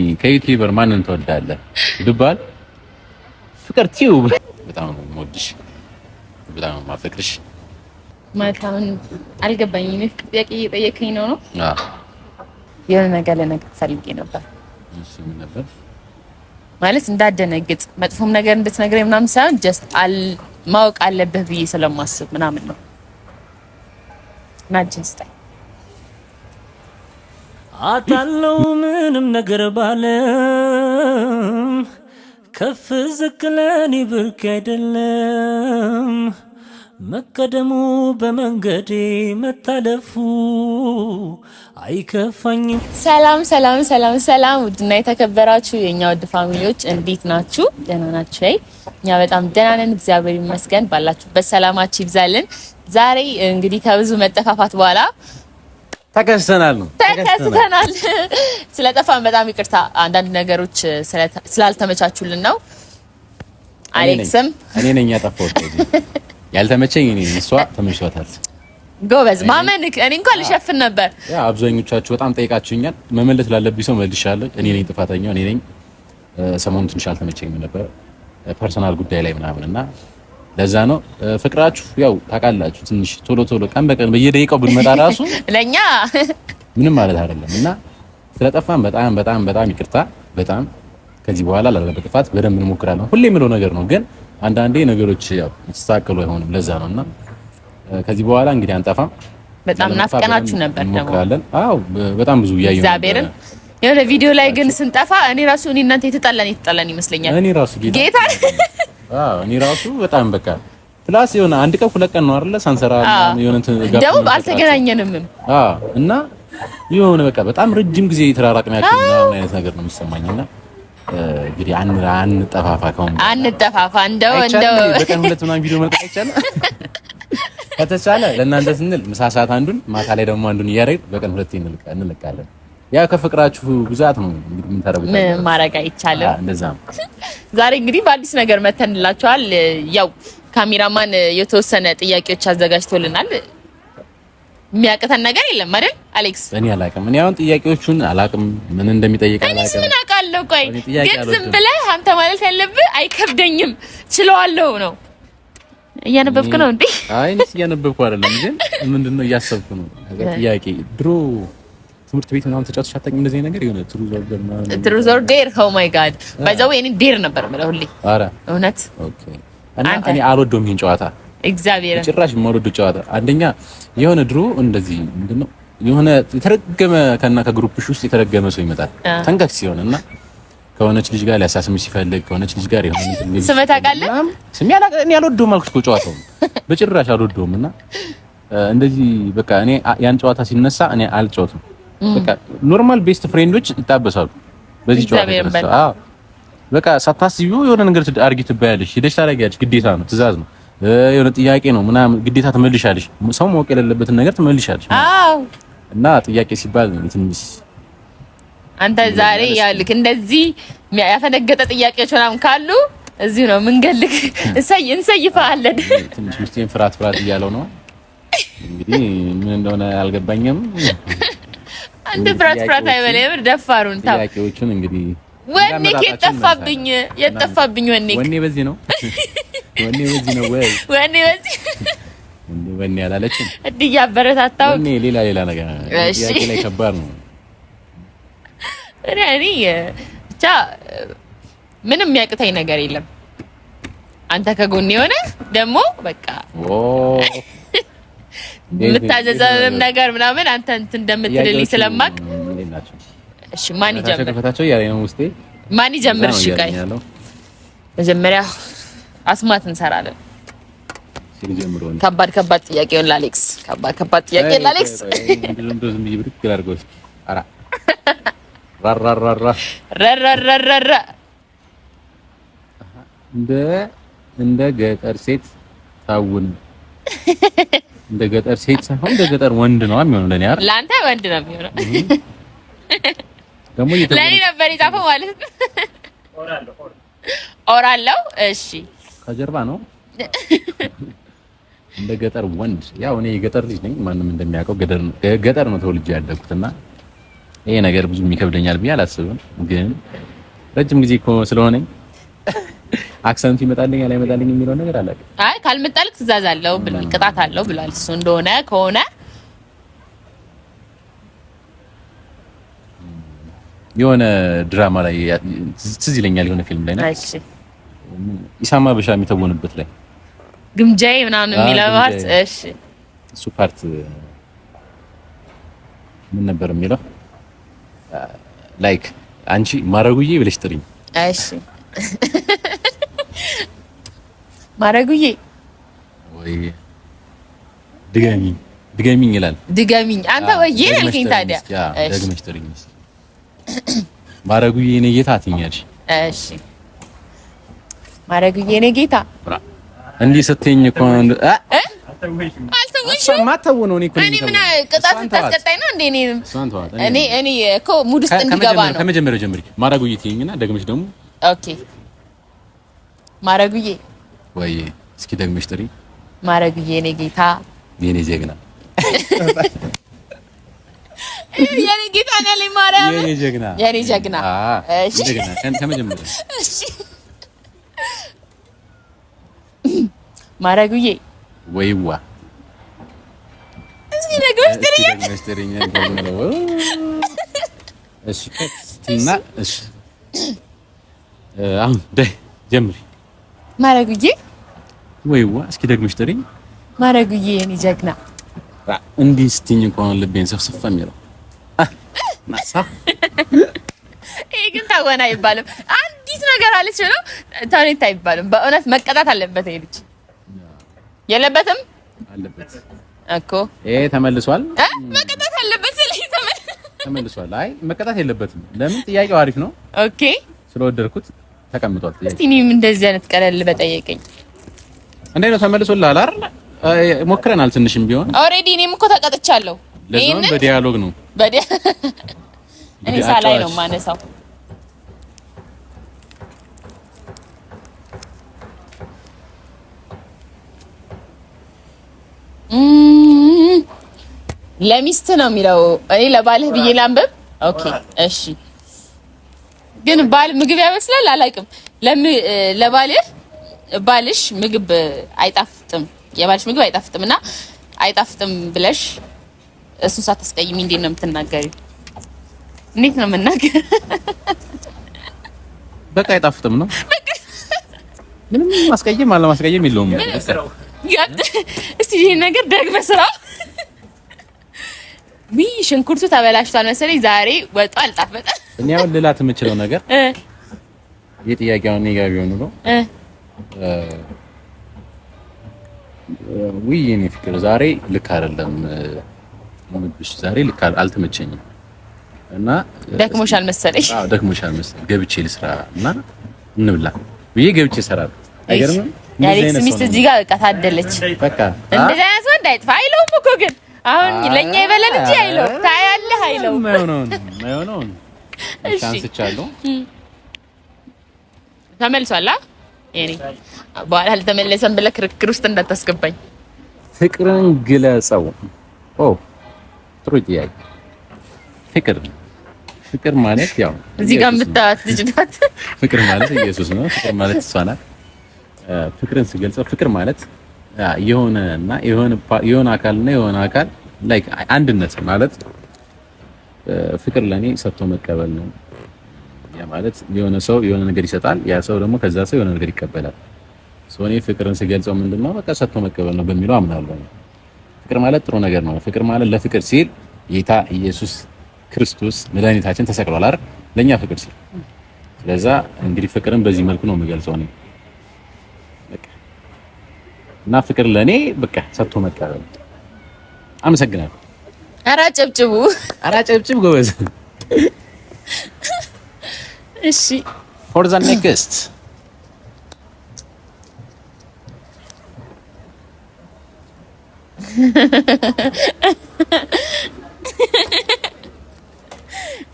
እኔ ከዩቲዩበር ማንን ትወዳለህ ብባል ፍቅር ቲዩብ በጣም ነው የምወድሽ፣ በጣም ነው የማፈቅርሽ። ማለት አሁን አልገባኝም። ፍቅር ጥያቄ እየጠየከኝ ነው ነው? አዎ የሆነ ነገር ልነግርህ ፈልጌ ነበር። እሺ ምን ነበር? ማለት እንዳደነግጥ መጥፎም ነገር እንድትነግረኝ ምናምን ሳይሆን ጀስት አል ማወቅ አለብህ ብዬ ስለማስብ ምናምን ነው እና አጣለው ምንም ነገር ባለም ከፍ ዝቅ ለኔ ብርክ አይደለም መቀደሙ በመንገዴ መታለፉ አይከፋኝም። ሰላም ሰላም ሰላም ሰላም! ውድና የተከበራችሁ የእኛ ውድ ፋሚሊዎች እንዴት ናችሁ? ደህና ናችሁ? እኛ በጣም ደህና ነን፣ እግዚአብሔር ይመስገን። ባላችሁበት ሰላማችሁ ይብዛልን። ዛሬ እንግዲህ ከብዙ መጠፋፋት በኋላ ተከስተናል ነው ተከስተናል። ስለጠፋን በጣም ይቅርታ። አንዳንድ ነገሮች ስላልተመቻቹልን ነው። አሌክስም እኔ ነኝ ያጠፋሁት። ያልተመቸኝ እኔ ነኝ፣ እሷ ተመችቷታል። ጎበዝ ማመን። እኔ እንኳን ልሸፍን ነበር። ያ አብዛኞቻችሁ በጣም ጠይቃችሁኛል። መመለስ ላለብኝ ሰው መልሻለሁ። እኔ ነኝ ጥፋተኛው፣ እኔ ነኝ። ሰሞኑን ትንሽ አልተመቸኝም ነበር ፐርሰናል ጉዳይ ላይ ምናምን እና ለዛ ነው ፍቅራችሁ ያው ታውቃላችሁ፣ ትንሽ ቶሎ ቶሎ ቀን በቀን በየደቂቃው ብንመጣ ራሱ ለኛ ምንም ማለት አይደለም። እና ስለጠፋን በጣም በጣም በጣም ይቅርታ። በጣም ከዚህ በኋላ ላለ ጥፋት በደንብ እንሞክራለን። ሁሌ የምለው ነገር ነው፣ ግን አንዳንዴ ነገሮች ያው ተስተካከሉ አይሆንም። ለዛ ነው እና ከዚህ በኋላ እንግዲህ አንጠፋም። በጣም ናፍቀናችሁ ነበር ደግሞ አዎ፣ በጣም ብዙ እያየሁ እግዚአብሔርን የሆነ ቪዲዮ ላይ ግን ስንጠፋ እኔ ራሱ እኔ እናንተ የተጣላን የተጣላን ይመስለኛል እኔ ራሱ ጌታ እኔ ራሱ በጣም በቃ ፕላስ የሆነ አንድ ቀን ሁለት ቀን ነው አይደለ ሳንሰራ የሆነ ደቡብ አልተገናኘንም። አዎ እና የሆነ በቃ በጣም ረጅም ጊዜ የተራራቅን ያክል አይነት ነገር ነው የሚሰማኝና እንግዲህ አን አን አንጠፋፋ ከሆነ አን አንጠፋፋ እንደው እንደው በቀን ሁለት ምናምን ቪዲዮ መልቀቅ አይቻልም። ከተቻለ ለእናንተ ስንል ምሳ ሰዓት አንዱን ማታ ላይ ደግሞ አንዱን እያደረግን በቀን ሁለት እንለቃለን። ያ ከፍቅራችሁ ብዛት ነው እንግዲህ የምታረጉት። ምን ማድረግ አይቻልም። እንደዛ ነው። ዛሬ እንግዲህ በአዲስ ነገር መተንላችኋል። ያው ካሜራማን የተወሰነ ጥያቄዎች አዘጋጅቶልናል። የሚያቅተን ነገር የለም አይደል አሌክስ? እኔ አላቅም። እኔ አሁን ጥያቄዎቹን አላቅም፣ ምን እንደሚጠይቅ አላቅም። ምን አውቃለሁ? ቆይ ግን ዝም ብለህ አንተ ማለት ያለብህ አይከብደኝም፣ ችለዋለሁ ነው። እያነበብክ ነው እንዴ? አይ እኔስ እያነበብኩ አይደለም፣ ግን ምንድን ነው እያሰብኩ ነው። ጥያቄ ድሮ ትምህርት ቤት ምናምን ተጫውተሽ አታውቂም? እንደዚህ ነገር የሆነ ትሩዝ ኦር ዴር ኦ ማይ ጋድ ባይ ዘ ወይ እኔ ዴር ነበር የምለው ሁሌ። ኧረ እውነት ኦኬ። እና እኔ አልወደውም ይሄን ጨዋታ እግዚአብሔር ጭራሽ የማልወደው ጨዋታ። አንደኛ የሆነ ድሮ እንደዚህ ምንድን ነው የሆነ የተረገመ ከና ከግሩፕሽ ውስጥ የተረገመ ሰው ይመጣል ተንቀክስ ሲሆን እና ከሆነች ልጅ ጋር ሊያሳስምሽ ሲፈልግ ከሆነች ልጅ ጋር ይሆን ስም ታውቃለህ? እኔ አልወደውም አልኩሽ እኮ ጨዋታውን በጭራሽ አልወደውም እና እንደዚህ በቃ እኔ ያን ጨዋታ ሲነሳ እኔ አልጫወትም። በቃ ኖርማል ቤስት ፍሬንዶች ይጣበሳሉ። በዚህ ጨዋታ አዎ፣ በቃ ሳታስቢው የሆነ ነገር አድርጊ ትባያለሽ፣ ሄደሽ ታደርጊያለሽ። ግዴታ ነው፣ ትእዛዝ ነው፣ የሆነ ጥያቄ ነው ምናምን፣ ግዴታ ትመልሻለሽ። ሰው ማወቅ የሌለበትን ነገር ትመልሻለሽ። አዎ። እና ጥያቄ ሲባል ነው ትንሽ አንተ ዛሬ ያልክ እንደዚህ ያፈነገጠ ጥያቄዎች ምናምን ካሉ እዚሁ ነው ምንገልክ። እንሰይ እንሰይፋለን። ትንሽ ውስጤን ፍርሃት ፍርሃት እያለው ነው እንግዲህ ምን እንደሆነ አልገባኝም። አንተ ፍራት ፍራት አይበለ የምር ደፋሩን ታው ጥያቄዎቹን እንግዲህ ወኔ የጠፋብኝ የጠፋብኝ ወኔ ወኔ በዚህ ነው ወኔ በዚህ ነው ወይ ወኔ በዚህ እንዴ ወኔ አላለችም እንዴ ያበረታታው ወኔ ሌላ ሌላ ነገር እሺ ላይ ከባድ ነው እኔ ብቻ ምንም የሚያቅተኝ ነገር የለም አንተ ከጎን የሆነ ደግሞ በቃ የምታዘዘብም ነገር ምናምን አንተ እንትን እንደምትልልኝ ስለማቅ እሺ፣ ማን ይጀምር? ማን ይጀምር? እሺ፣ ቀይ መጀመሪያ አስማት እንሰራለን። ከባድ ከባድ ጥያቄ ለአሌክስ፣ ከባድ ከባድ ጥያቄ ለአሌክስ። እንደ ገጠር ሴት ታውን እንደ ገጠር ሴት ሳይሆን እንደ ገጠር ወንድ ነው የሚሆነው። ለኔ አይደል? ለአንተ ወንድ ነው የሚሆነው። ደግሞ ለኔ ነበር የጻፈው ማለት ነው። ኦራለው። እሺ፣ ከጀርባ ነው እንደ ገጠር ወንድ። ያው እኔ የገጠር ልጅ ነኝ፣ ማንም እንደሚያውቀው ገጠር ነው ተወልጄ ያደግኩት ይሄ ነገር ብዙም ይከብደኛል ብዬ አላስብም። ግን ረጅም ጊዜ ስለሆነኝ አክሰንቱ ይመጣልኛል አይመጣልኝ የሚለው ነገር አላውቅም። አይ ካልመጣልክ ትእዛዝ አለው ብሏል፣ ቅጣት አለው ብሏል። እሱ እንደሆነ ከሆነ የሆነ ድራማ ላይ ትዝ ይለኛል፣ የሆነ ፊልም ላይ ነው ኢሳማ በሻ የሚተወንበት ላይ ግምጃዬ ምናምን የሚለው እሺ እሱ ፓርት ምን ነበር የሚለው? ላይክ አንቺ ማረጉዬ ብለሽ ጥሪኝ። እሺ ማረጉዬ ወይ ድገሚኝ ድገሚኝ ይላል። ድገሚኝ አንተ ወይዬ አልከኝ። ታዲያ ደግመሽ ጥሪኝ እስኪ ማረጉዬ፣ እኔ ጌታ አትኛልሽ። እሺ ማረጉዬ፣ እኔ ጌታ እንዲህ ስትይኝ እኮ እኔ እኔ እኮ ሙድ ውስጥ እንዲገባ ነው ከመጀመሪያው ጀምሪ። ማረጉዬ ትይኝና ደግመሽ ደግሞ ኦኬ ማረጉዬ ወይ እስኪ ደግመሽ ጥሪ ማረጉዬ፣ የኔ ጌታ፣ የኔ ጀግና፣ የኔ ጌታ ነኝ፣ ማርያም፣ የኔ ጀግና፣ የኔ ጀግና። እሺ ከመጀመሪያ ማረጉዬ ወይዋ፣ እስኪ ደግመሽ ጥሪ፣ ደግመሽ ጥሪ። እሺ እና እሺ አሁን በይ ጀምሪ። ማረጉዬ ወይዋ እስኪ ደግመሽ ጥሪ። ማረጉዬ የኔ ጀግና እንዲህ ስትኝ እንኳን ልቤን ሰፍሰፍ የሚለው ማሳ ይሄ ግን ታወና አይባልም። አንዲት ነገር አለች ነው ተውኔት አይባልም። በእውነት መቀጣት አለበት። ይሄ ልጅ የለበትም አለበት እኮ ይሄ ተመልሷል። መቀጣት አለበት ስለዚህ ተመልሷል። አይ መቀጣት የለበትም። ለምን? ጥያቄው አሪፍ ነው። ኦኬ ስለወደድኩት ተቀምጧል። እስቲ እኔም እንደዚህ አይነት ቀለል በጠየቀኝ እንዴ ነው ተመልሶልሃል አይደል? ሞክረናል ትንሽም ቢሆን ኦሬዲ እኔም እኮ ተቀጥቻለሁ። ለዚህም በዲያሎግ ነው እኔ ሳላይ ነው ማነሳው። ለሚስት ነው የሚለው እኔ ለባልህ ብዬ ላንብብ። ኦኬ እሺ ግን ባል ምግብ ያበስላል አላውቅም። ለባልህ ባልሽ ምግብ አይጣፍጥም፣ የባልሽ ምግብ አይጣፍጥም እና አይጣፍጥም ብለሽ እሱ ሳታስቀይሚ እንዴት ነው የምትናገሪ? እንዴት ነው የምናገር? በቃ አይጣፍጥም ነው ምንም ማስቀየም አለ ማስቀየም የለውም። እስቲ ይሄን ነገር ደግመ ስራው ቢ ሽንኩርቱ ተበላሽቷል መሰለኝ ዛሬ ወጡ አልጣፈጠም። እኔ አሁን ልላት የምችለው ነገር እ ጥያቄ አሁን እኔ ጋር ቢሆን ኑሮ እ ውይ የእኔ ፍቅር ዛሬ ልክ አይደለም፣ ምግብሽ ዛሬ ልክ አልተመቸኝም እና ደክሞሻል መሰለሽ አዎ ደክሞሻል መሰለኝ፣ ገብቼ ልስራ እና እንብላ ብዬ ገብቼ እሰራለሁ። አይገርም የአሌክስ ሚስት እዚህ ጋር በቃ ታደለች። በቃ እንደዚህ አይነት ወንድ አይጥፋ አይለውም እኮ ግን አሁን ለኛ ይበለን እንጂ አይለውም። ታያለህ አይለውም። አንስቻለሁ። ተመልሷል። የኔ በኋላ አልተመለሰም ብለህ ክርክር ውስጥ እንዳታስገባኝ። ፍቅርን ግለጸው። ኦ ጥሩ ጥያቄ። ፍቅር ፍቅር ማለት ያው እዚህ ጋር የምታዩት ልጅ ናት። ፍቅር ማለት ኢየሱስ ነው። ፍቅር ማለት እሷ ናት። ፍቅርን ስገልጸው ፍቅር ማለት የሆነና የሆነ የሆነ አካል አካልና የሆነ አካል ላይክ አንድነት ማለት ፍቅር ለእኔ ሰጥቶ መቀበል ነው። ያ ማለት የሆነ ሰው የሆነ ነገር ይሰጣል፣ ያ ሰው ደግሞ ከዛ ሰው የሆነ ነገር ይቀበላል። እኔ ፍቅርን ስገልጸው ምንድነው በቃ ሰጥቶ መቀበል ነው በሚለው አምናለሁ። ፍቅር ማለት ጥሩ ነገር ነው። ፍቅር ማለት ለፍቅር ሲል ጌታ ኢየሱስ ክርስቶስ መድኃኒታችን ተሰቅሏል አይደል? ለኛ ፍቅር ሲል ስለዛ እንግዲህ ፍቅርን በዚህ መልኩ ነው የምገልጸው እኔ እና ፍቅር ለእኔ በቃ ሰጥቶ መቀበል። አመሰግናለሁ። ኧረ አጨብጭቡ! ኧረ አጨብጭብ ጎበዝ። እሺ ፎር ዘ ኔክስት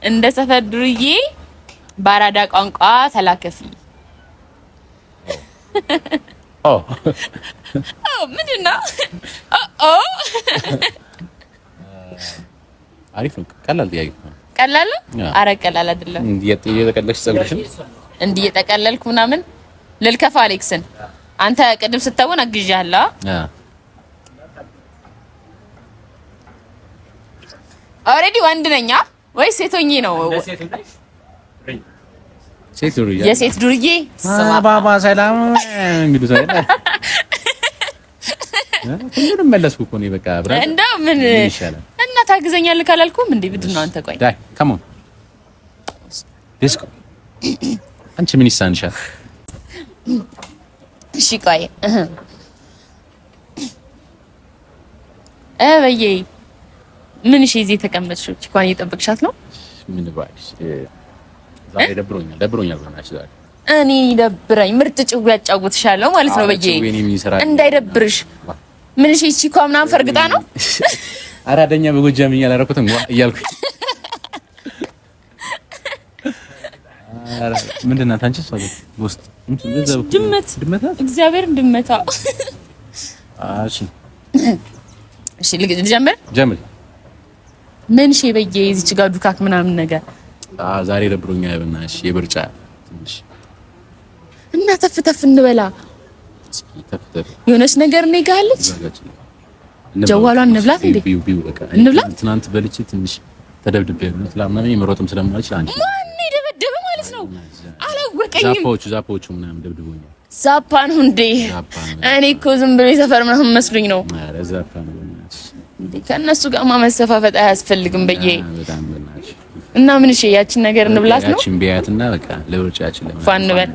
እንደ ሰፈር ድርዬ በአራዳ ቋንቋ ተላከፊ። ምንድን ነው? አሪፍ ነው። ቀላል ጥያቄ ነው። አረ ቀላል አይደለም። እንዴት እየጠቀለልሽ ጸጉርሽን እንዴት እየጠቀለልኩ ምናምን ልልከፋ አሌክስን አንተ ቅድም ስተውን አግዣለሁ። ኦልሬዲ ወንድ ነኛ ወይ ሴቶኝ ነው? ሴት ዱርዬ የሴት ዱርዬ ባባ ሰላም እንግዲህ ሁሉንም መለስኩ እኮ ነው በቃ ብራ እንደው ምን ታግዘኛለህ ካላልኩም እንዴ ብድን ነው አንተ። ቆይ ዳይ ካም ኦን ቢስኩ አንቺ ምን ይሳንሻል? እሺ ቆይ እ በዬ ምን እሺ፣ እዚህ የተቀመጥሽው እንኳን እየጠበቅሻት ነው። ምን እባክሽ፣ ዛሬ ደብሮኛል ደብሮኛል ብለናችሁ ዛሬ እኔ ደብረኝ ምርጥ ጭው ያጫውትሻለሁ ማለት ነው። በየ እንዳይደብርሽ ምን እሺ፣ እቺ እኮ ምናምን ፈርግጣ ነው አራደኛ በጎጃም እያላረኩትም እያልኩኝ ምንድን ናት አንቺ? እሷ ውስጥ ድመት ድመት ናት። እግዚአብሔርን ድመታ። እሺ እሺ፣ ልጀምር ጀምር። ምን ሼ በየ እዚች ጋር ዱካክ ምናምን ነገር ዛሬ ደብሮኛል። በእናትሽ የብርጫ ትንሽ እና ተፍ ተፍ እንበላ የሆነች ነገር እኔ ጋር ጀዋሏን እንብላት እንዴ? እንብላት። ትናንት በልቼ ትንሽ ተደብድቤ ነው ትላምና ነው የምሮጥም ስለማልችል አንቺ ማን የደበደበ ማለት ነው? አላወቀኝም። ዛፖቹ ዛፖቹ ምናምን ደብድቦኛል። ዛፓ ነው እንዴ? እኔ እኮ ዝም ብሎ የሰፈር ምናምን መስሎኝ ነው። አረ ዛፓ ነው እንዴ? ከነሱ ጋር መሰፋፈጥ አያስፈልግም በየ እና ምን እሺ፣ ያችን ነገር እንብላት ነው ያቺን ቢያትና በቃ ለውርጫችን ለማን ፋን በል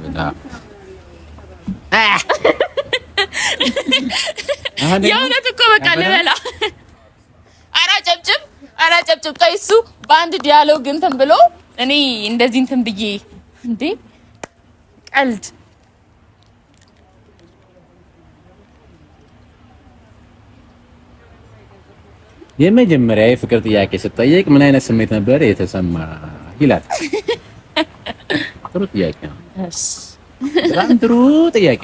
የእውነት እኮ በቃ ልበላ። አራ ጨብጭብ፣ አራ ጨብጭብ። ቆይ እሱ በአንድ ዲያሎግ እንትን ብሎ እኔ እንደዚህ እንትን ብዬ እንዴ ቀልድ የመጀመሪያ የፍቅር ጥያቄ ስጠየቅ ምን አይነት ስሜት ነበር የተሰማ ይላል። ጥሩ ጥያቄ ነው። በጣም ጥሩ ጥያቄ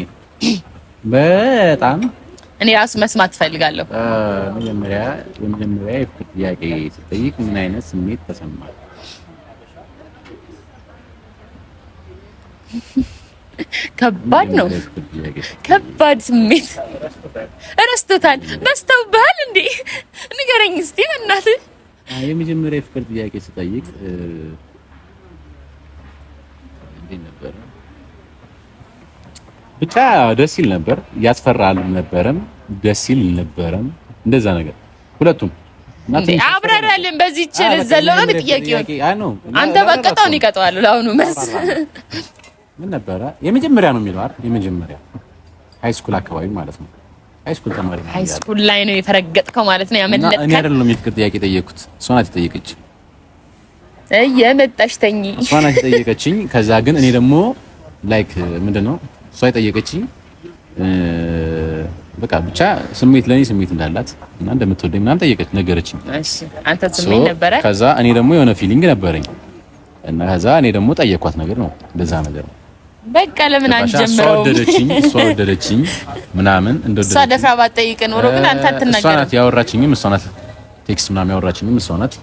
በጣም እኔ ራሱ መስማት ፈልጋለሁ። መጀመሪያ የመጀመሪያ የፍቅር ጥያቄ ስጠይቅ ምን አይነት ስሜት ተሰማል? ከባድ ነው። ከባድ ስሜት እረስቶታል። በስተውብሃል እንዴ? ንገረኝ እስቲ በእናትህ። የመጀመሪያ የፍቅር ጥያቄ ስጠይቅ እንዴት ነበረ? ብቻ ደስ ይል ነበር። ያስፈራል ነበረም ደስ ይል ነበረም እንደዛ ነገር ሁለቱም አብረረልን በዚህ ይችል ዘለው ነው ጥያቄው። አንተ በቀጣውን ይቀጣዋል። ለአሁኑ መስ ምን ነበረ? የመጀመሪያ ነው የሚለው አይደል? የመጀመሪያ ሃይ ስኩል አካባቢ ማለት ነው። ሃይ ስኩል ተማሪ ነው። ሃይ ስኩል ላይ ነው የፈረገጥከው ማለት ነው። ያመለጥከው እኔ አይደለም የፍቅር ጥያቄ ጠየቅኩት። እሷ ናት የጠየቀች እየመጣሽ ተኝ። እሷ ናት የጠየቀችኝ። ከዛ ግን እኔ ደግሞ ላይክ ምንድን ነው እሷ የጠየቀችኝ በቃ ብቻ ስሜት ለእኔ ስሜት እንዳላት እና እንደምትወደኝ ምናምን ጠየቀች ነገረችኝ። ከዛ እኔ ደግሞ የሆነ ፊሊንግ ነበረኝ እና ከዛ እኔ ደግሞ ጠየኳት ነገር ነው እንደዛ ነገር ነው። በቃ ለምን አንጀምረው? ወደደችኝ፣ እሷ ወደደችኝ ምናምን እንደወደደች እሷ ደፍራ ባትጠይቅ ኖሮ ግን አንተ አትናገር። እሷ ናት ያወራችኝም፣ እሷ ናት ቴክስት ምናምን ያወራችኝም እሷ ናት።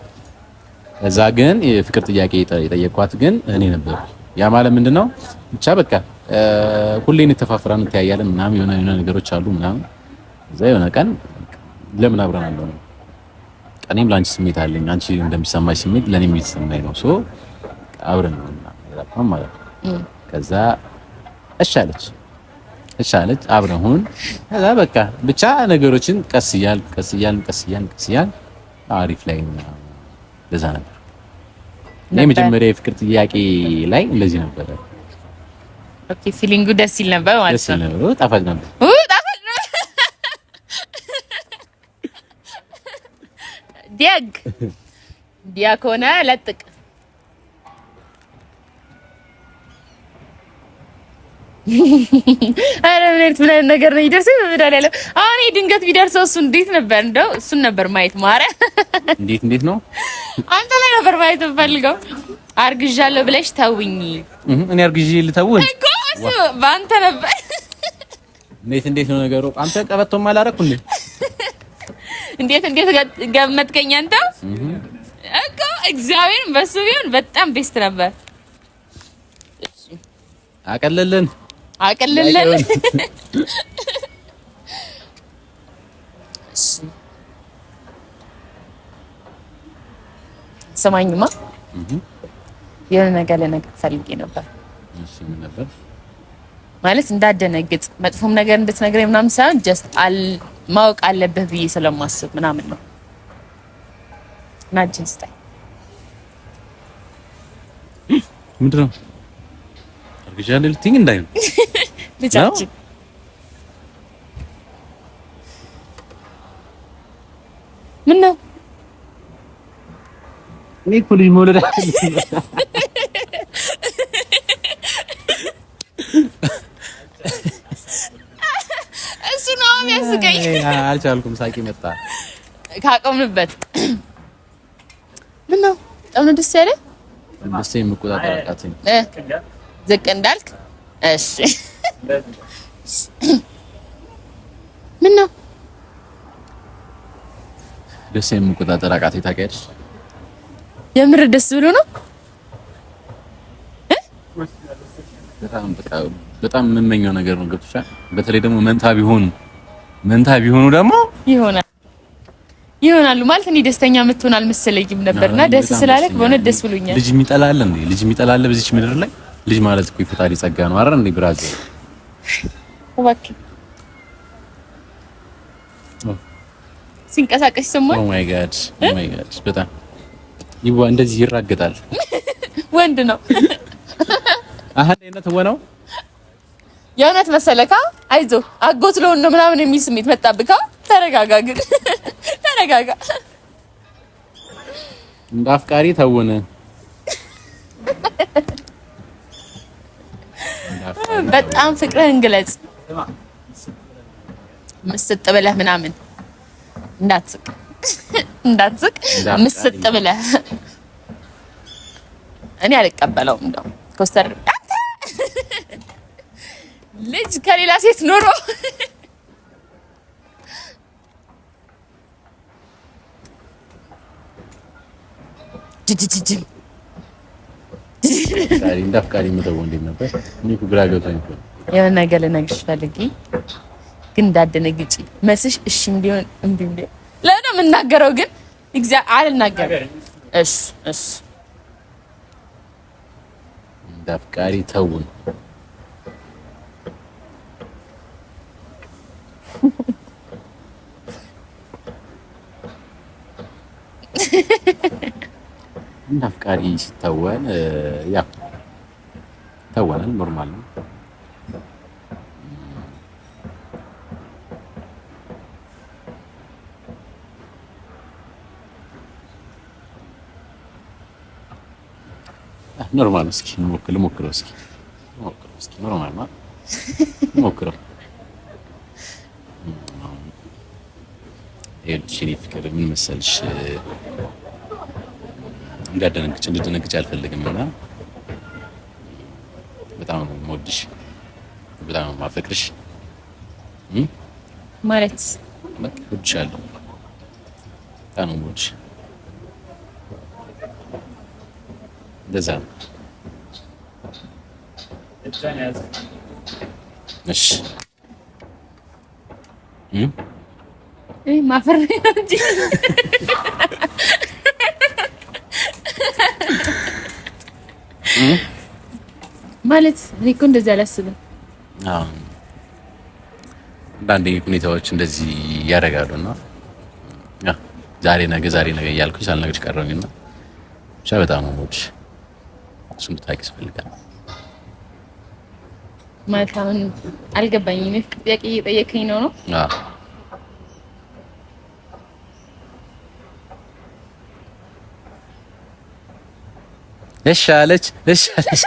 ከዛ ግን የፍቅር ጥያቄ የጠየኳት ግን እኔ ነበር። ያ ማለት ምንድነው ብቻ በቃ ሁሌን የተፋፍራን እንተያያለን ምናምን የሆነ የሆነ ነገሮች አሉ ምናምን። እዛ የሆነ ቀን ለምን አብረን አለው ነው ቀኔም ለአንቺ ስሜት አለኝ፣ አንቺ እንደሚሰማሽ ስሜት ለእኔም የተሰማኝ ነው። ሶ አብረን ነው ምናምን ማለት ነው። ከዛ እሺ አለች እሺ አለች አብረን ሁን። ከዛ በቃ ብቻ ነገሮችን ቀስ እያል ቀስ እያል ቀስ እያል ቀስ እያል አሪፍ ላይ ለዛ ነበር። እኔ መጀመሪያ የፍቅር ጥያቄ ላይ እንደዚህ ነበር ኦኬ ፊሊንጉ ደስ ይል ነበር ማለት ነው። ደስ ጣፋጭ ነበር። ዲያግ ዲያ ከሆነ ለጥቅ አረ ምንት ምን ነገር ነው ይደርስ በመዳል ያለው አሁን ድንገት ቢደርሰው እሱ እንዴት ነበር? እንደው እሱን ነበር ማየት ማረ እንዴት እንዴት ነው አንተ ላይ ነበር ማየት የምፈልገው። አርግዣለሁ ብለሽ ተውኝ። እኔ አርግዤ እኮ በአንተ ነበር። እንዴት እንዴት ነው ነገሩ? አንተ ቀበቶ አላረኩ እንዴ? እንዴት እንዴት ገመትከኝ አንተ እኮ እግዚአብሔርን። በሱ ቢሆን በጣም ቤስት ነበር። አቀለልን አቀለልን። ሰማኝማ የሆነ ነገር ልነግርህ ፈልጌ ነበር። እሺ ምን ነበር? ማለት እንዳደነግጥ መጥፎም ነገር እንድትነግረኝ ምናምን ሳይሆን ጀስት አል ማወቅ አለብህ ብዬ ስለማስብ ምናምን ነው። ናጅን ስታይ ምንድን ነው እርግዣለሁ ልትይኝ እንዳይ ነው ልጃችን ምን ነው እኔ እኮ ልጅ መውለድ አልቻልኩም። ሳቂ መጣ ካቆምንበት ምን ነው በጣም ነው ደስ ያለ ደስ የምቆጣጠር አቃተኝ። ዝቅ እንዳልክ እሺ። ምን ነው ደስ የምቆጣጠር አቃተኝ። ታውቂያለሽ፣ የምር ደስ ብሎ ነው በጣም በቃ በጣም የምመኘው ነገር ነው። ገብቶሻል። በተለይ ደግሞ መንታ ቢሆን መንታ ቢሆኑ ደግሞ ይሆናል ይሆናሉ ማለት እኔ ደስተኛ የምትሆን አልመሰለኝም ነበርና ደስ ስላለክ በእውነት ደስ ብሎኛል። ልጅ የሚጠላለ እንዴ? ልጅ የሚጠላለ በዚች ምድር ላይ ልጅ ማለት እኮ የፈጣሪ ጸጋ ነው። አረ እንዴ ብራዚ እባክህ ሲንቀሳቀስ ይሰማል። ኦ ማይ ጋድ ኦ ማይ ጋድ በጣም ይዋ እንደዚህ ይራገጣል። ወንድ ነው አሁን ለነተ ወነው የእውነት መሰለካ አይዞ አጎት ለሆን ነው ምናምን የሚል ስሜት መጣብካ። ተረጋጋ፣ ግን ተረጋጋ። እንደ አፍቃሪ ተውን። በጣም ፍቅርህን ግለጽ። ምስጥ ብለህ ምናምን እንዳትስቅ፣ እንዳትስቅ፣ ምስጥ ብለህ እኔ አልቀበለውም። እንደው ኮስተር ልጅ ከሌላ ሴት ኖሮ እንደ አፍቃሪ የምተወው እንዴት ነበር? እኔ እኮ ግራ ገብቶኝ እኮ የሆነ ነገር ልነግርሽ ፈልጌ ግን እንዳደነግጪ መስሽ እሺ እንዲሆን እምቢም ቢሆን ለምን ነው የምናገረው? ግን እግዚአብሔር አልናገርም። እሺ እሺ እንደ አፍቃሪ ተውን እንደ አፍቃሪ ሲተወን ያው ይተወናል፣ ኖርማል ነው። ኖርማል እስኪ ሞክር ሞክረው እስኪ ሞክረው እስኪ ኖርማል ማለት ሞክረው ይኸውልሽ የእኔ ፍቅር ምን መሰልሽ፣ እንዳደነግጭ እንድደነግጭ አልፈልግም እና በጣም ነው የምወድሽ፣ በጣም ነው የማፈቅርሽ። ማለት እወድሻለሁ፣ በጣም ነው የምወድሽ። እንደዛ ነው። እሺ ማፈር እንጂ ማለት እኔ እኮ እንደዚህ አላስብም። አንዳንዴ ሁኔታዎች እንደዚህ ያደርጋሉ እና ዛሬ ነገ ዛሬ ነገ እያልኩኝ ሳልነግርሽ ቀረሁኝ እና ብቻ በጣም ሞች እሱ እንድታውቂ ይፈልጋል። ማለት አሁን አልገባኝም። የፍቅር ጥያቄ እየጠየቀኝ ነው ነው እሺ አለች። እሺ አለች።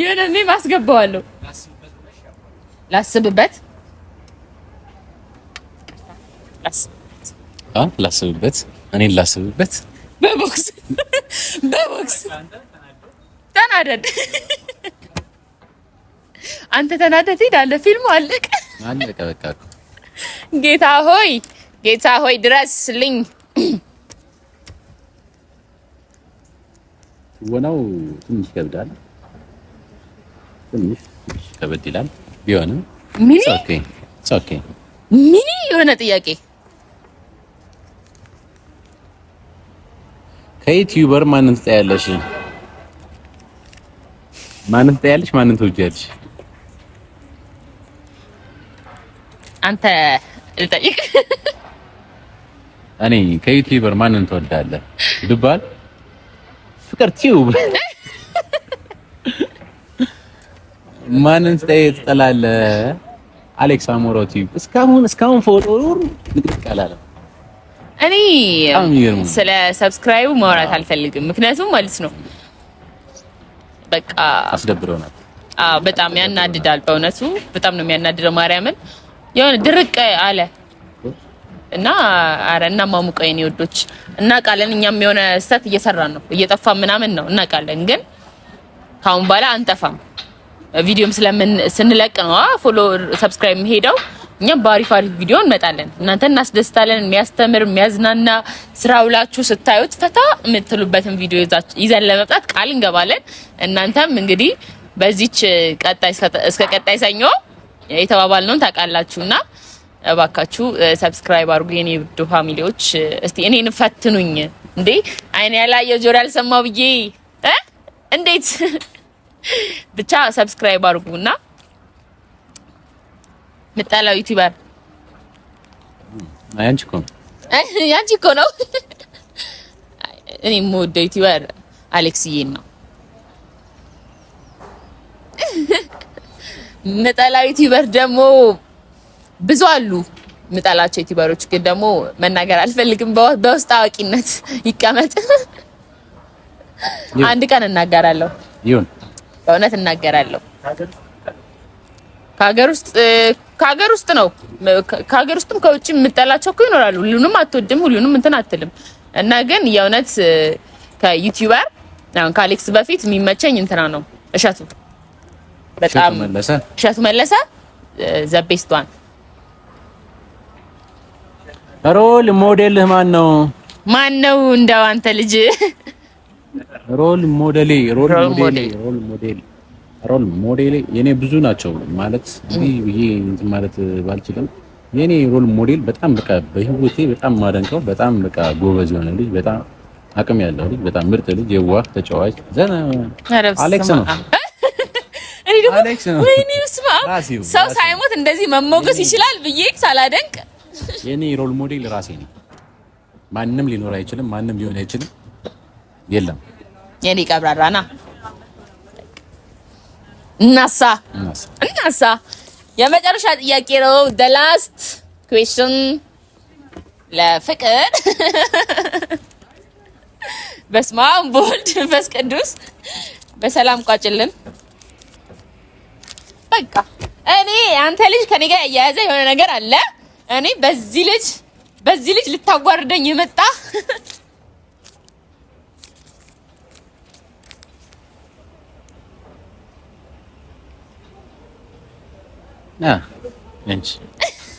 የሆነ ኔም አስገባዋለሁ ላስብበት ላስብበት እኔን ላስብበት በቦክስ በቦክስ ተናደድ። አንተ ተናደድ። ሂድ ፊልሙ አለቀ አለቀ። በቃ ጌታ ሆይ ጌታ ሆይ ድረስልኝ። ትወናው ትንሽ ይከብዳል፣ ትንሽ ከበድ ይላል። ቢሆንም ሚኒ ሚኒ የሆነ ጥያቄ ከዩቲዩበር ማንን ትጠያለሽ? ማንን ትጠያለሽ? ማንን ትውጃለሽ? አንተ ልጠይቅ እኔ ከዩቲዩበር ማንን ትወዳለህ ድባል ፍቅር ቲዩብ ማንን ትጠላለህ? አሌክስ አሞሮ ቲዩብ እስካሁን እስካሁን ፎሎወር ንቅቀላለሁ እኔ ስለ ሰብስክራይቡ ማውራት አልፈልግም። ምክንያቱም ማለት ነው በቃ አስደብረውናል። አዎ በጣም ያናድዳል። በእውነቱ በጣም ነው የሚያናድደው። ማርያምን የሆነ ድርቅ አለ እና አረ እና ማሙቀይ ወዶች እና ቃለን እኛም የሆነ ስህተት እየሰራን ነው እየጠፋ ምናምን ነው እና ቃለን ግን ካሁን በኋላ አንጠፋም። ቪዲዮም ስለምን ስንለቅ ነው ፎሎ ሰብስክራይብ ሄደው እኛም በአሪፍ አሪፍ ቪዲዮ እንመጣለን። እናንተ እናስደስታለን። የሚያስተምር የሚያዝናና ስራ ውላችሁ ስታዩት ፈታ የምትሉበትን ቪዲዮ ይዘን ለመምጣት ቃል እንገባለን። እናንተም እንግዲህ በዚች ቀጣይ እስከ ቀጣይ ሰኞ የተባባልነውን ታውቃላችሁና እባካችሁ ሰብስክራይብ አድርጉ የኔ ውድ ፋሚሊዎች። እስቲ እኔን ፈትኑኝ እንዴ አይን ያላየው ጆሮ ያልሰማው ብዬ እንዴት ብቻ ሰብስክራይብ አድርጉ እና ምጣላው ዩቲዩበር ያንቺ እኮ ነው ያንቺ እኮ ነው። እኔ የምወደው ዩቲዩበር አሌክስዬን ነው። ምጣላው ዩቲዩበር ደግሞ ብዙ አሉ ምጠላቸው ዩቲዩበሮች ግን ደግሞ መናገር አልፈልግም። በውስጥ አዋቂነት ይቀመጥ። አንድ ቀን እናገራለሁ፣ ይሁን በእውነት እናገራለሁ። ከሀገር ውስጥ ከሀገር ውስጥ ነው ከሀገር ውስጥም ከውጭ የምጠላቸው እኮ ይኖራሉ። ሁሉንም አትወድም፣ ሁሉንም እንትን አትልም። እና ግን የእውነት ከዩቲዩበር አሁን ከአሌክስ በፊት የሚመቸኝ እንትና ነው እሸቱ፣ በጣም እሸቱ መለሰ ዘቤስቷን ሮል ሞዴልህ ማን ነው? ማን ነው? እንደው አንተ ልጅ ሮል ሞዴሌ ሮል ሞዴሌ ሮል ሞዴል ሞዴሌ የኔ ብዙ ናቸው ማለት እዚህ ብዬ ማለት ባልችልም የኔ ሮል ሞዴል በጣም በቃ በህይወቴ በጣም ማደንቀው በጣም በቃ ጎበዝ የሆነ ልጅ በጣም አቅም ያለው ልጅ በጣም ምርጥ ልጅ የዋህ ተጫዋች ዘና አሌክስ ነው። እኔ ደግሞ ወይኔ ስማ ሰው ሳይሞት እንደዚህ መሞገስ ይችላል ብዬ ሳላደንቅ የእኔ ሮል ሞዴል ራሴ ነው። ማንም ሊኖር አይችልም። ማንም ሊሆን አይችልም። የለም የኔ ቀብራራና እናሳ እናሳ የመጨረሻ ጥያቄ ነው። ደ ላስት ኩዌስችን ለፍቅር በስመ አብ በስቅዱስ ቅዱስ በሰላም ቋጭልን። በቃ እኔ አንተ ልጅ ከኔ ጋር ያያያዘ የሆነ ነገር አለ እኔ በዚህ ልጅ በዚህ ልጅ ልታጓርደኝ የመጣ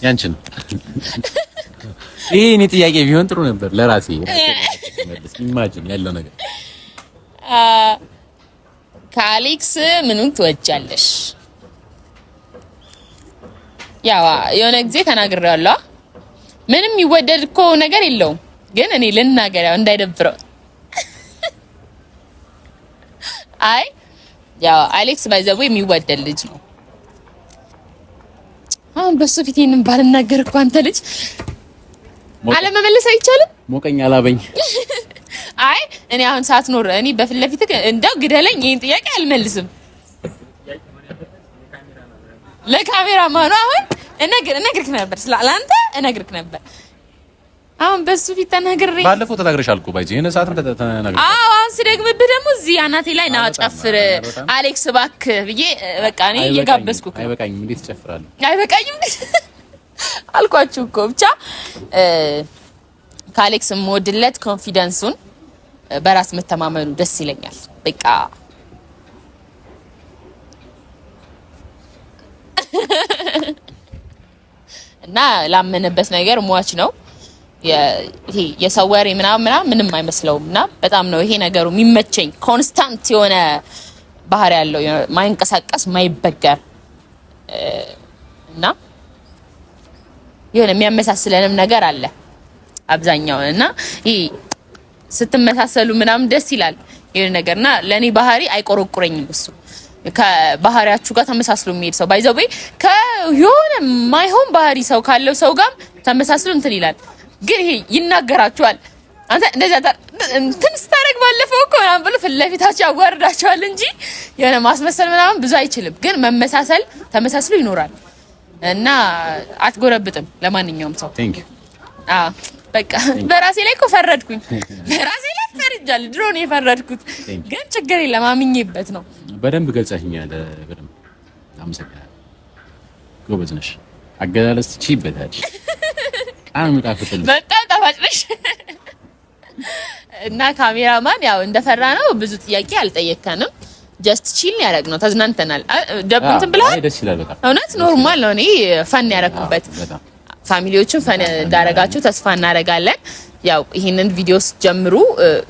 ያንቺ ነው። ይሄ እኔ ጥያቄ ቢሆን ጥሩ ነበር ለራሴ ኢማጂን ያለው ነገር ከአሌክስ ምኑን ትወጃለሽ? ያው የሆነ ጊዜ ተናግሬዋለሁ። ምንም ይወደድ እኮ ነገር የለውም፣ ግን እኔ ልናገር ያው እንዳይደብረው። አይ ያው አሌክስ ባይዘቡ የሚወደድ ልጅ ነው። አሁን በሱ ፊት ይሄንን ባልናገር እኮ አንተ ልጅ አለመመለስ አይቻልም። ሞቀኝ አላበኝ። አይ እኔ አሁን ሳትኖር እኔ በፊት ለፊት እንደው ግደለኝ፣ ይሄን ጥያቄ አልመልስም። ለካሜራ ማኑ አሁን እነግር እነግርክ ነበር ለአንተ እነግርክ ነበር። አሁን በሱ ፊት ተነግሬ ባለፈው ተናግረሻል እኮ ባይዚ የሆነ ሰዓትም ተናግረሽ። አዎ አሁን ስደግምብህ ደግሞ እዚህ አናቴ ላይ ና ጨፍር አሌክስ እባክህ ብዬ በቃ እኔ እየጋበዝኩ እኮ አይበቃኝም። እንዴት ትጨፍራለህ? አይበቃኝም አልኳችሁ እኮ ብቻ ከአሌክስ የምወድለት ኮንፊደንሱን በራስ መተማመኑ ደስ ይለኛል። በቃ እና ላመነበት ነገር ሟች ነው። ይሄ የሰው ወሬ ምናምን ምናምን ምንም አይመስለውም። እና በጣም ነው ይሄ ነገሩ የሚመቸኝ። ኮንስታንት የሆነ ባህሪ ያለው ማይንቀሳቀስ፣ ማይበገር እና የሆነ የሚያመሳስለንም ነገር አለ አብዛኛውን እና ይሄ ስትመሳሰሉ ምናምን ደስ ይላል የሆነ ነገርና ለእኔ ባህሪ አይቆረቁረኝም እሱ ከባህሪያችሁ ጋር ተመሳስሎ የሚሄድ ሰው ባይዘው ከሆነ ማይሆን ባህሪ ሰው ካለው ሰው ጋር ተመሳስሎ እንትን ይላል። ግን ይሄ ይናገራችኋል። አንተ እንደዛ እንትን ስታደርግ ባለፈው እኮ ምናምን ብሎ ፊት ለፊታቸው ያዋርዳቸዋል እንጂ የሆነ ማስመሰል ምናምን ብዙ አይችልም። ግን መመሳሰል ተመሳስሎ ይኖራል እና አትጎረብጥም ለማንኛውም ሰው። በቃ በራሴ ላይ እኮ ፈረድኩኝ። በራሴ ላይ ፈርጃለሁ። ድሮ ነው የፈረድኩት፣ ግን ችግር የለም አምኜበት ነው። በደንብ ገልጸሽኛል። በደንብ አመሰግናለሁ። ጎበዝ ነሽ። አገላለጽ ትችይበታለሽ። ቃም ጣፍጥልሽ። በጣም ጣፋጭ ነሽ። እና ካሜራማን ያው እንደፈራ ነው። ብዙ ጥያቄ አልጠየከንም። ጀስት ቺል ያደረግ ነው። ተዝናንተናል። ደብንትን ብለሃል። ደስ ይላል በጣም እውነት። ኖርማል ነው። እኔ ፈን ያደረኩበት ፋሚሊዎችን ፈን እንዳረጋችሁ ተስፋ እናደርጋለን። ያው ይህንን ቪዲዮ ጀምሩ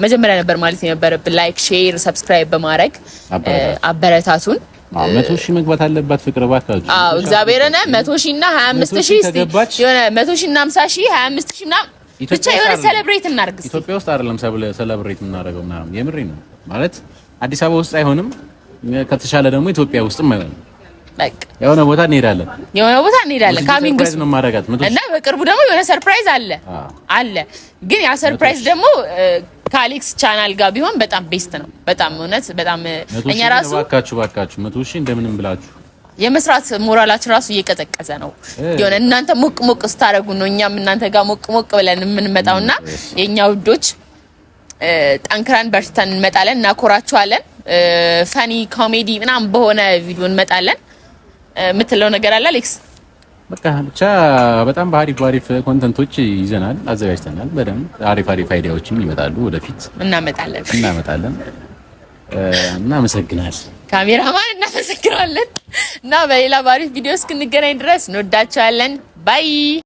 መጀመሪያ ነበር ማለት የነበረብን። ላይክ፣ ሼር፣ ሰብስክራይብ በማድረግ አበረታቱን። መቶ ሺህ መግባት አለባት ፍቅር እባካችሁ። አዎ እግዚአብሔርን መቶ ሺህ እና ሀያ አምስት ሺህ የሆነ መቶ ሺህ እና ሀምሳ ሺህ ሀያ አምስት ሺህ ምናምን ብቻ የሆነ ሴሌብሬት እናድርግ። ኢትዮጵያ ውስጥ አይደለም ሴሌብሬት የምናደርገው ምናምን የምሬ ነው ማለት አዲስ አበባ ውስጥ አይሆንም። ከተሻለ ደግሞ ኢትዮጵያ ውስጥም አይሆንም። የሆነ ቦታ እንሄዳለን፣ የሆነ ቦታ እንሄዳለን። ካሚንግ ነው ማረጋት እና በቅርቡ ደግሞ የሆነ ሰርፕራይዝ አለ አለ። ግን ያ ሰርፕራይዝ ደግሞ ከአሌክስ ቻናል ጋር ቢሆን በጣም ቤስት ነው። በጣም እውነት፣ በጣም እኛ ራሱ ባካችሁ፣ ባካችሁ መቶ ሺህ እንደምንም ብላችሁ የመስራት ሞራላችን ራሱ እየቀዘቀዘ ነው። የሆነ እናንተ ሞቅ ሞቅ ስታደርጉ ነው እኛም እናንተ ጋር ሞቅ ሞቅ ብለን የምንመጣውና የእኛ ውዶች ጠንክረን በርትተን እንመጣለን። እናኮራችኋለን። ፈኒ ኮሜዲ ምናምን በሆነ ቪዲዮ እንመጣለን። የምትለው ነገር አለ አሌክስ? በቃ ብቻ በጣም በአሪፍ አሪፍ ኮንተንቶች ይዘናል፣ አዘጋጅተናል። በደንብ አሪፍ አሪፍ አይዲያዎችም ይመጣሉ ወደፊት እናመጣለን እናመጣለን። እናመሰግናል ካሜራማን፣ እናመሰግናለን እና በሌላ በአሪፍ ቪዲዮ እስክንገናኝ ድረስ እንወዳቸዋለን። ባይ